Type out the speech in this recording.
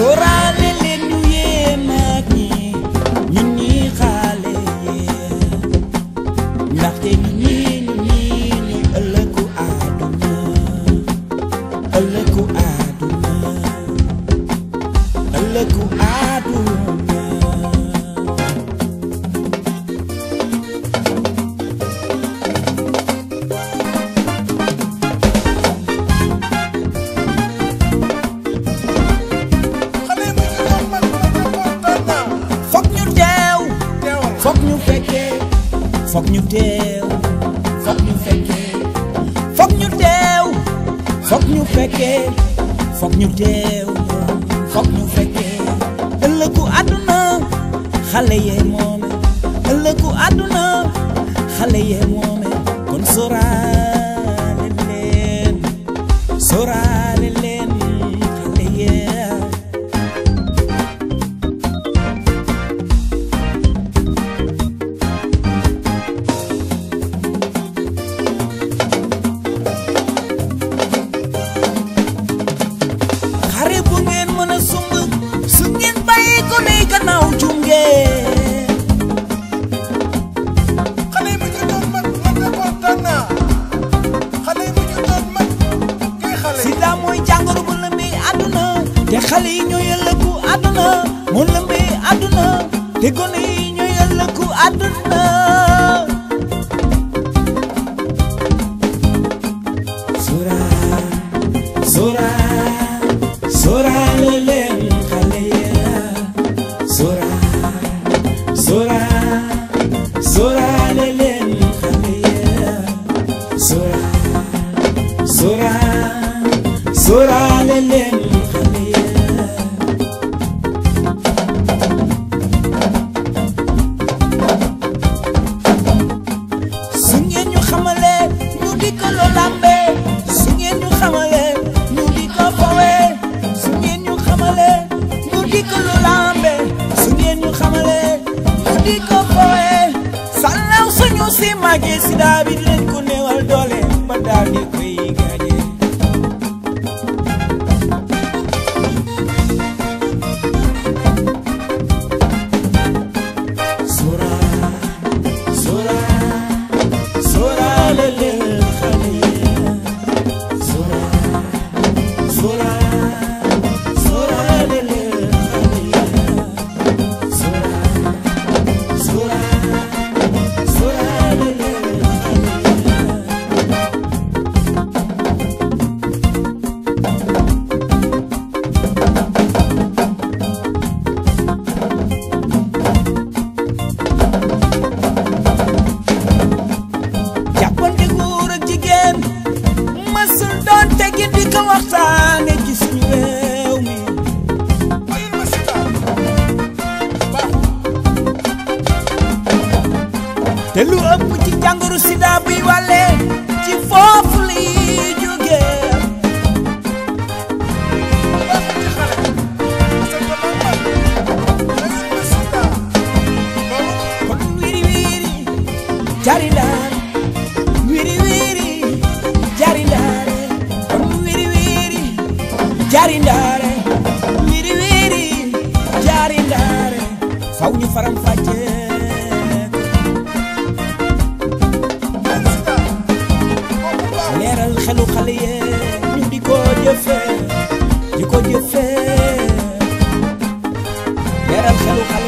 seorang fokk ñu teew fokk ñu fekkee fokk ñu teew fokk ñu fekkee fokk ñu teew fokk ñu fekkee ëllëgu àdduna xale yee moom ni ñooy ëllëgu àdduna mu lëmbe àdduna te gone yi ñooy ëllëgu àdduna sura sura sura la leen xale ya sura sura See my geessii dhaabbileen kun. gisul doon tegi di ko waxtaane te lu ëpp ci jàngoro sida buy wàlle ci foofu lii jaarindaare wiri wiri jaarindaare faw ñu faram fàcce leeral xelu xale yee ñu di ko jëfee di ko jëfee leeral xelu xale